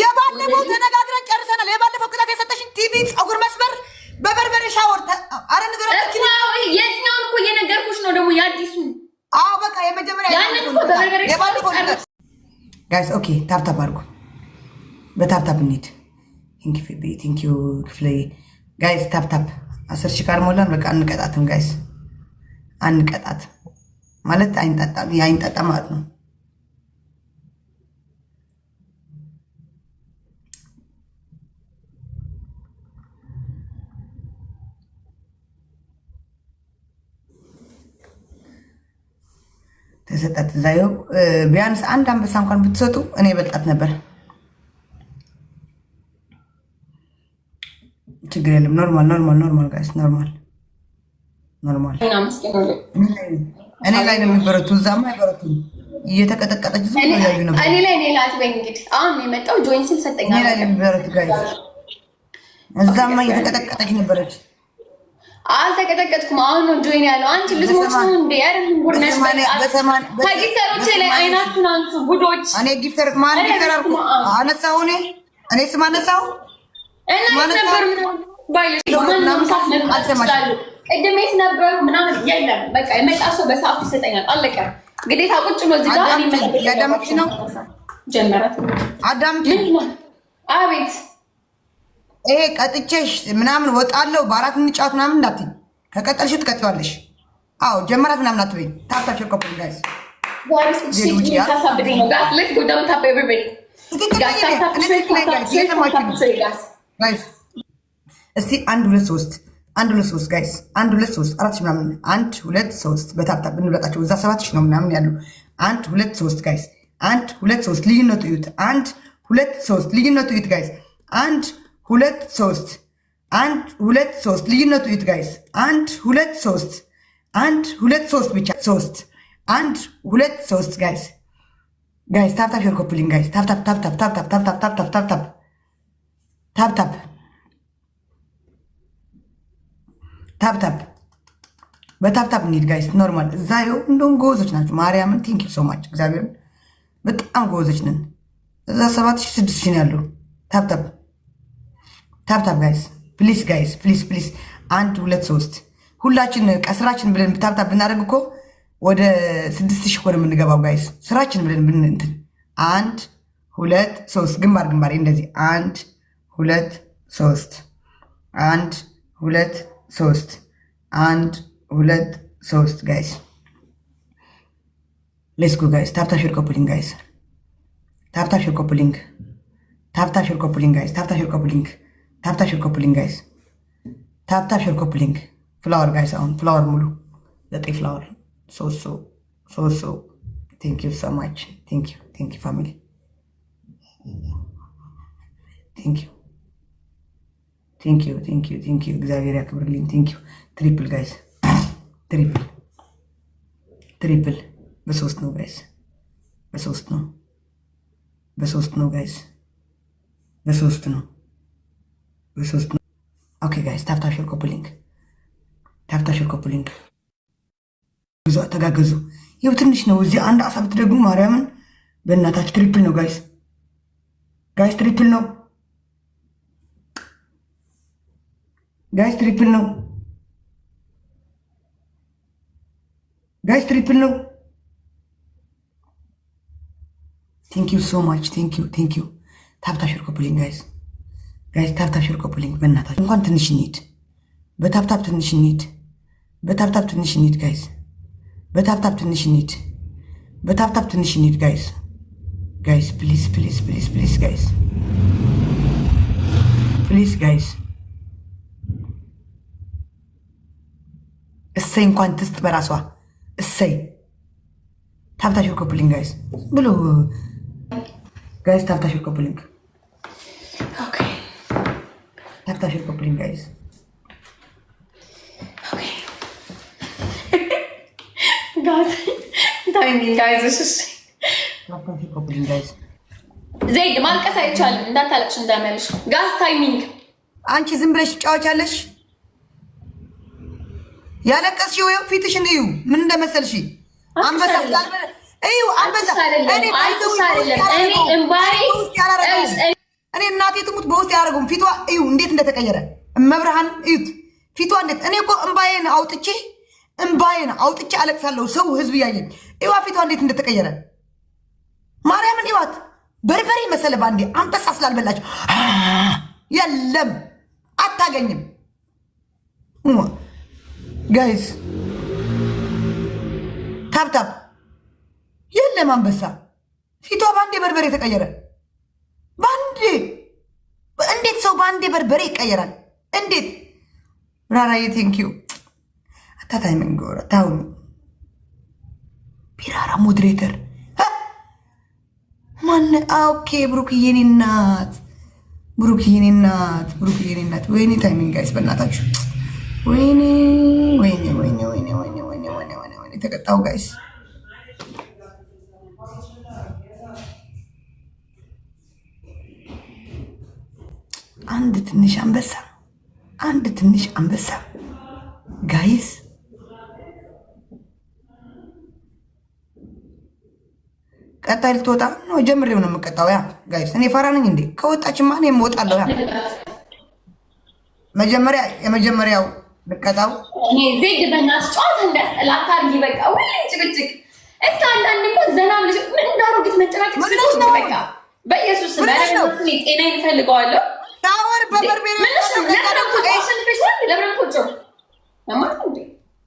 የባለፈው ተነጋግረን ጨርሰናል። የባለፈው ቅጣት የሰጠሽን ቲቪ፣ ፀጉር መስመር በበርበሬ ሻወር አረ ነገር የትኛውን እኮ እየነገርኩሽ ነው ደግሞ የአዲሱ አዎ በቃ የመጀመሪያ ኦኬ፣ ታብታብ አድርጉ። በታብታብ እንሂድ። ቴንኪዩ ክፍሌ ጋይስ፣ ታብታብ አስር ሺህ ካልሞላን በቃ አንቀጣትም ጋይስ፣ አንቀጣት ማለት አይንጠጣም ማለት ነው። ተሰጣት። እዛዩ ቢያንስ አንድ አንበሳ እንኳን ብትሰጡ እኔ በልጣት ነበር። ችግር የለም። ኖርማል ኖርማል ኖርማል ጋይስ ኖርማል ኖርማል። እኔ ላይ ነው የሚበረቱ፣ እዛማ አይበረቱ። እየተቀጠቀጠች ዙ ነበር። እኔ ላይ ሌላ አትበኝ እንግዲህ። አሁን የመጣው ጆይን ስል ሰጠኛ ላይ የሚበረቱ ጋይስ፣ እዛማ እየተቀጠቀጠች ነበረች። አልተቀጠቀጥኩም። አሁን ነው ጆይን ያለው። አንቺ ልትሞች ነው እንዴ? ከጊፍተሮቼ ላይ አይናችሁን አንሱ ጉዶች። እኔ ጊፍተር ማን ጊፍተር አልኩ እኔ እኔ ስም እና የት ነበር ቅድም የት ነበሩ ምናምን የለም። በቃ የመጣ ሰው በሰዓቱ ይሰጠኛል። አለቀ። ግዴታ ቁጭ እዚህ ጋር ነው አቤት ይሄ ቀጥቼሽ ምናምን ወጣለሁ በአራት እንጫወት ምናምን እንዳትኝ። ከቀጠልሽ ትቀጥዋለሽ። አዎ ጀመራት ምናምን አትበኝ። ታፕታቸው ቀቡ ጋይስ እስቲ አንድ ሁለት ሶስት አንድ ሁለት ሶስት ጋይስ አንድ ሁለት ሶስት አራት ሺህ ምናምን አንድ ሁለት ሶስት በታፕታፕ እንብላጣቸው። እዛ ሰባት ሺህ ነው ምናምን ያሉ አንድ ሁለት ሶስት ጋይስ አንድ ሁለት ሶስት ልዩነቱ እዩት። አንድ ሁለት ሶስት ልዩነቱ እዩት ጋይስ አንድ ሁለት ሶስት አንድ ሁለት ሶስት ልዩነቱ ዩት ጋይስ አንድ ሁለት ሶስት አንድ ሁለት ሶስት ብቻ ሶስት አንድ ሁለት ሶስት ጋይስ ጋይስ ታፕታፕ ሄር ኮፕሊንግ ጋይስ ታፕታፕ ታፕታፕ ታፕታፕ ታፕታፕ ታፕታፕ ታፕታፕ ታፕታፕ ታፕታፕ በታፕታፕ እንሂድ ጋይስ ኖርማል እዛ ይኸው እንደውም ጎበዞች ናቸው። ማርያምን ቴንክ ዩ ሶ ማች እግዚአብሔርን በጣም ጎበዞች ነን። እዛ ሰባት ሺህ ስድስት ሺህ ነው ያለው ታፕታፕ ታብታብ ጋይስ ፕሊስ፣ ጋይስ ፕሊስ፣ ፕሊስ። አንድ ሁለት ሶስት ሁላችን ስራችን ብለን ታብታብ ብናደርግ እኮ ወደ ስድስት ሺህ ሆነ የምንገባው ጋይስ። ስራችን ብለን ብንንትን አንድ ሁለት ሶስት፣ ግንባር ግንባር እንደዚህ አንድ ሁለት ሶስት፣ አንድ ሁለት ሶስት፣ አንድ ሁለት ሶስት ጋይስ ሌስኩ ጋይስ ታፕታ ሽር ኮፕሊንግ ጋይስ ታፕታ ሽር ኮፕሊንግ ታፕታ ሽር ኮፕሊንግ ጋይስ ታፕታ ሽር ኮፕሊንግ tap tap share coupling guys tap tap share coupling አሁን ፍላወር ሙሉ ዘጠኝ ፍላወር ሶሶ ሶሶ ቴንክ ዩ ሶ ማች ቴንክ ዩ ቴንክ ዩ ፋሚሊ ቴንክ ዩ ቴንክ ዩ ቴንክ ዩ ቴንክ ዩ እግዚአብሔር ያክብርልኝ ቴንክ ዩ ትሪፕል ጋይስ ትሪፕል ትሪፕል በሶስት ነው ጋይስ በሶስት ነው በሶስት ነው ጋይስ በሶስት ነው ኦኬ Okay, guys, tap tap your copy link. tap tap your copy link. ተጋገዙ። ይኸው ትንሽ ነው። እዚህ አንድ አሳ ብትደግሙ ማርያምን በእናታች ትሪፕል ነው ጋይስ፣ ጋይስ ትሪፕል ነው ጋይስ፣ ትሪፕል ነው ጋይስ፣ ትሪፕል ነው። ቴንክ ዩ ሶ ማች ቴንክ ዩ ቴንክ ዩ ታፕ ታፕ ሼር ኮፒ ሊንክ ጋይስ ጋይስ ታብታብ ሽርቆብልኝ ኮፒ በእናታችሁ እንኳን ትንሽ እንሂድ። በታፕታፕ ትንሽ እንሂድ። በታብታብ ትንሽ እንሂድ ጋይስ። በታፕታፕ ትንሽ እንሂድ። በታብታብ ትንሽ እንሂድ ጋይስ በታብታብ ትንሽ እንሂድ በታብታብ ትንሽ እንሂድ ጋይስ ጋይስ ፕሊዝ ፕሊዝ ፕሊዝ ፕሊዝ ጋይስ ፕሊዝ ጋይስ። እሰይ እንኳን ትስጥ በራሷ እሰይ። ታፕታፕ ሼር ጋይስ ብሎ ጋይስ ታፕታፕ ሼር ঢাকা শিল্প print guys ዘይድ ማልቀስ አይቻልም። እንዳታለቅሽ እንዳሚያለሽ ጋዝ ታይሚንግ አንቺ ዝም ብለሽ ጫወቻለሽ። ያለቀስሽው ይኸው ፊትሽን እዩ፣ ምን እንደመሰልሽ አንበሳ እዩ አንበሳ እኔ ባይዘው እኔ እናቴ ትሙት በውስጥ ያደረገውም ፊቷ እዩ እንዴት እንደተቀየረ መብርሃን እዩት። ፊቷ እንዴት እኔ እኮ እምባዬን አውጥቼ እምባዬን አውጥቼ አለቅሳለሁ። ሰው ህዝብ እያየኝ እዋ ፊቷ እንዴት እንደተቀየረ ማርያምን እዋት። በርበሬ መሰለ ባንዴ አንበሳ ስላልበላቸው የለም አታገኝም። ጋይዝ ታብታብ የለም አንበሳ ፊቷ ባንዴ በርበሬ ተቀየረ። በርበሬ ይቀየራል። እንዴት ራራዬ፣ ቴንኪዩ አታታይ መንገወረ ታሁኑ ቢራራ ሞድሬተር ማን? ኦኬ ብሩክዬ፣ የኔ እናት ብሩክዬ፣ የኔ እናት ብሩክዬ፣ የኔ እናት። ወይኔ ታይሚንግ ጋይስ፣ በእናታችሁ ወይኔ፣ ወይኔ፣ ወይኔ፣ ወይኔ፣ ወይኔ፣ ወይኔ፣ ወይኔ ተቀጣው ጋይስ። አንድ ትንሽ አንበሳ አንድ ትንሽ አንበሳ ጋይስ ቀጣይ ልትወጣ ነው። ጀምሬው ነው የምቀጣው። ያ ጋይስ እኔ ፈራ ነኝ እንዴ? ከወጣችማ እኔ እወጣለሁ። ያ መጀመሪያ የመጀመሪያው ልቀጣው እኔ ዜድ በእናትሽ ጨዋታ እንዳስጠላት አድርጊ። በቃ ሁሌ ጭቅጭቅ እስከ አንዳንድ እኮ ዘናም ልጅ ምን እንዳሮጊት መጨናጭቅ ስለሆነ በቃ በኢየሱስ ጤና ይፈልገዋለሁ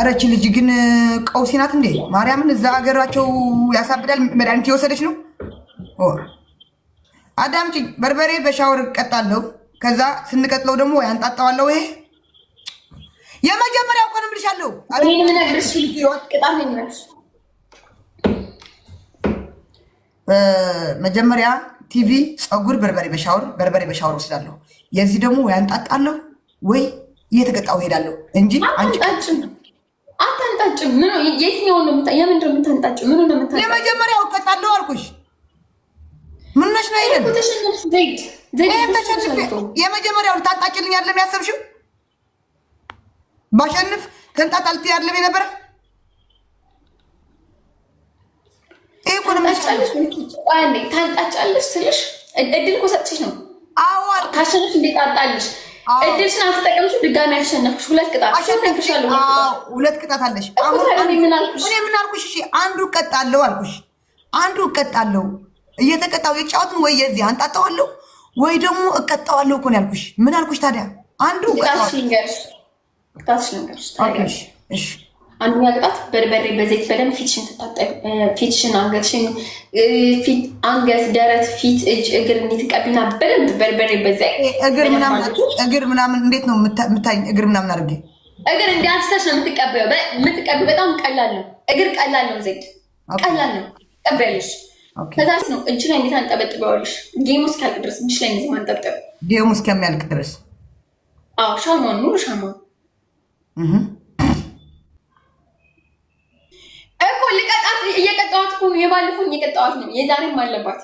አረች ልጅ ግን ቀውሴ ናት እንዴ! ማርያምን እዛ ሀገራቸው ያሳብዳል። መድኃኒት የወሰደች ነው። አዳምጪኝ። በርበሬ በሻወር እቀጣለሁ። ከዛ ስንቀጥለው ደግሞ ያንጣጣዋለሁ። ይሄ የመጀመሪያው እኮ ነው የምልሻለሁ። መጀመሪያ ቲቪ፣ ፀጉር፣ በርበሬ በሻወር በርበሬ በሻወር ወስዳለሁ። የዚህ ደግሞ ወይ አንጣጣለሁ ወይ እየተቀጣው ሄዳለሁ እንጂ አታንጣጭም። የትኛውን ነው የምንድን ነው የምታንጣጭው? ምኑ ነው የምታንጣጭው? የመጀመሪያው እቀጣለሁ አልኩሽ። ምን ነሽ ነው ይሄን የመጀመሪያው ልታንጣጭልኝ አይደለም ያሰብሽው? ባሸንፍ ተንጣጣልት ያለም የነበረ ታጫለሽ ስልሽ እድል እኮ ሰጥሽ ነው። ካሸነፍሽ እንዴት እድል ስን አልተጠቀምሽ፣ ድጋሚ አሸነፍሽ። ሁለት ቅጣት ሁለት ቅጣት አለሽ። እኔ ምን አልኩሽ? እሺ አንዱ እቀጣለሁ አልኩሽ። አንዱ እቀጣለሁ እየተቀጣው የጫወትን ወይ የዚህ ወይ ደግሞ እቀጣዋለሁ እኮ ነው ያልኩሽ። ምን አልኩሽ ታዲያ? አንዱ እሺ እሺ አንደኛ ቅጣት በርበሬ በዘይት በደንብ ፊትሽን ትታጠቢ፣ ፊትሽን፣ አንገትሽን፣ ፊት፣ አንገት፣ ደረት፣ ፊት፣ እጅ፣ እግር እንዲትቀቢና በደንብ በርበሬ በዘይት እግር ምናምን እንዴት ነው የምታይኝ? እግር ምናምን አድርጌ እግር እንዲያንስተሽ ነው የምትቀበው። የምትቀቢው በጣም ቀላል ነው። እግር ቀላል ነው። ዘይት ቀላል ነው። ቀበያለሽ። ከዛ ነው እጅ ላይ እንዴት አንጠበጥበዋለሽ? ጌሙ እስኪያልቅ ድረስ እጅ ላይ ጊዜ ማንጠብጠብ ጌሙ እስከሚያልቅ ድረስ ሻማን ኑር ሻማን እየቀጣዋት እኮ ነው። የባለፈውን እየቀጣዋት ነው። የዛሬም አለባት።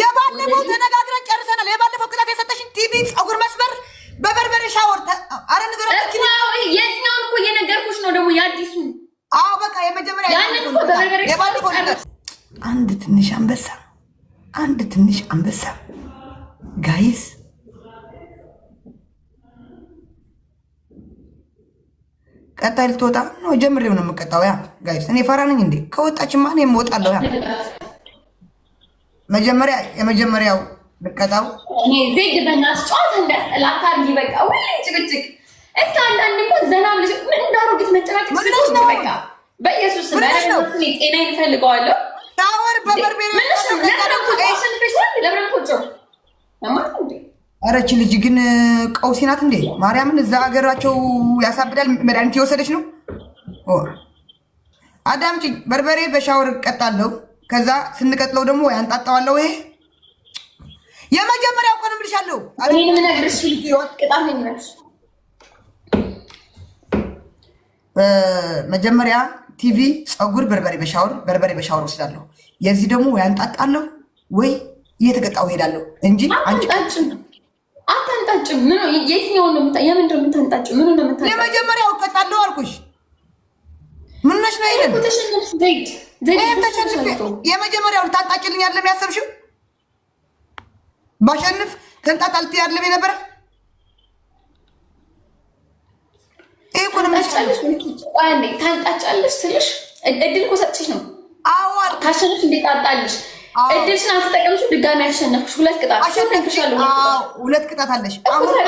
የባለፈው ተነጋግረን ጨርሰናል። የባለፈው ቅጣት የሰጠሽን ቲቪ ፀጉር መስመር፣ በበርበሬ ሻወር አረ ንገረችን። የትኛውን እኮ እየነገርኩሽ ነው ደግሞ የአዲሱ አዎ በቃ የመጀመሪያ ያንን እኮ በበርበሬ ሻወር አንድ ትንሽ አንበሳ አንድ ትንሽ አንበሳ ቀጣይ ልትወጣ ነው። ጀምሬው ነው የምቀጣው። ያ ጋይስ እኔ ፈራ ነኝ እንዴ? ከወጣችማ እኔ እወጣለሁ። ያ መጀመሪያ የመጀመሪያው ልቀጣው እኔ ዜድ በናስጫት እንዳስጠላት አድርጊ። በቃ ወይ ጭቅጭቅ እስከ አንዳንድ እኮ ዘና ልጅ ምን እንዳሮግት መጨናጭቅ ስለሆነ በቃ በኢየሱስ ጤና ይፈልገዋለሁ ታወር በበርቤ ነው ረች ልጅ ግን ቀውሲ ናት እንዴ! ማርያምን እዛ ሀገራቸው ያሳብዳል። መድኃኒት የወሰደች ነው። አዳምጪ። በርበሬ በሻወር ቀጣለው ከዛ ስንቀጥለው ደግሞ ወይ አንጣጣዋለሁ። ይሄ የመጀመሪያው እኮ ነው የምልሻለሁ። መጀመሪያ ቲቪ፣ ፀጉር፣ በርበሬ በሻወር በርበሬ በሻወር ወስዳለሁ። የዚህ ደግሞ ወይ አንጣጣለሁ ወይ እየተቀጣው እሄዳለሁ እንጂ አንቺ አታንጣጭም። ምን የትኛውን ነው ምታ የምን ነው የምታንጣጭ? ምን ነው ምታ የመጀመሪያው እቀጣለሁ አልኩሽ። ምን ነሽ ነው ይሄን ተሸነፍ ዘይድ ዘይድ ተሸነፍ። የመጀመሪያው ልታንጣጭልኝ አይደለም ያሰብሽው? ባሸንፍ ተንጣጣልት አይደለም የነበረ ይሄ እኮ ነው የምታንጣጭ። ታንጣጫለሽ ስልሽ እድል እኮ ሰጥቼሽ ነው። አዎ ካሸንፍ እንዴት አንጣልሽ እድልሽን አልተጠቀምሽም። ድጋሚ አሸነፍሽ። ሁለት ቅጣት ሁለት ቅጣት አለሽ።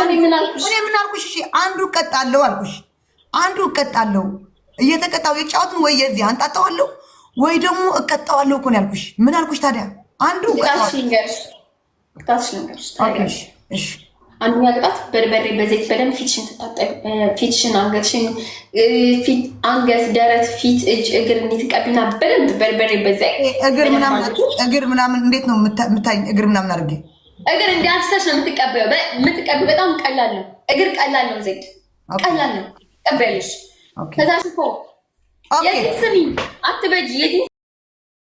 እኔ ምን አልኩሽ? አንዱ እቀጣለሁ አልኩሽ። አንዱ እቀጣለሁ እየተቀጣው የጫወትን ወይ የዚህ አንጣጣዋለሁ ወይ ደግሞ እቀጣዋለሁ እኮ ነው ያልኩሽ። ምን አልኩሽ ታዲያ? አንዱ እሺ አንደኛ ቅጣት በርበሬ በዘይት በደንብ ፊትሽን ትታጠቢ፣ ፊትሽን፣ አንገትሽን፣ ፊት፣ አንገት፣ ደረት፣ ፊት፣ እጅ፣ እግር እንዲትቀቢና በደንብ በርበሬ በዘይት እግር ምናምን እንዴት ነው የምታይኝ? እግር ምናምን አድርጌ እግር እንዲ አንስተሽ ነው የምትቀበው። የምትቀቢው በጣም ቀላል ነው። እግር ቀላል ነው። ዘይት ቀላል ነው። ቀበያለሽ። ከዛ ሽፎ የዚህ ስሚ አትበጂ የዚህ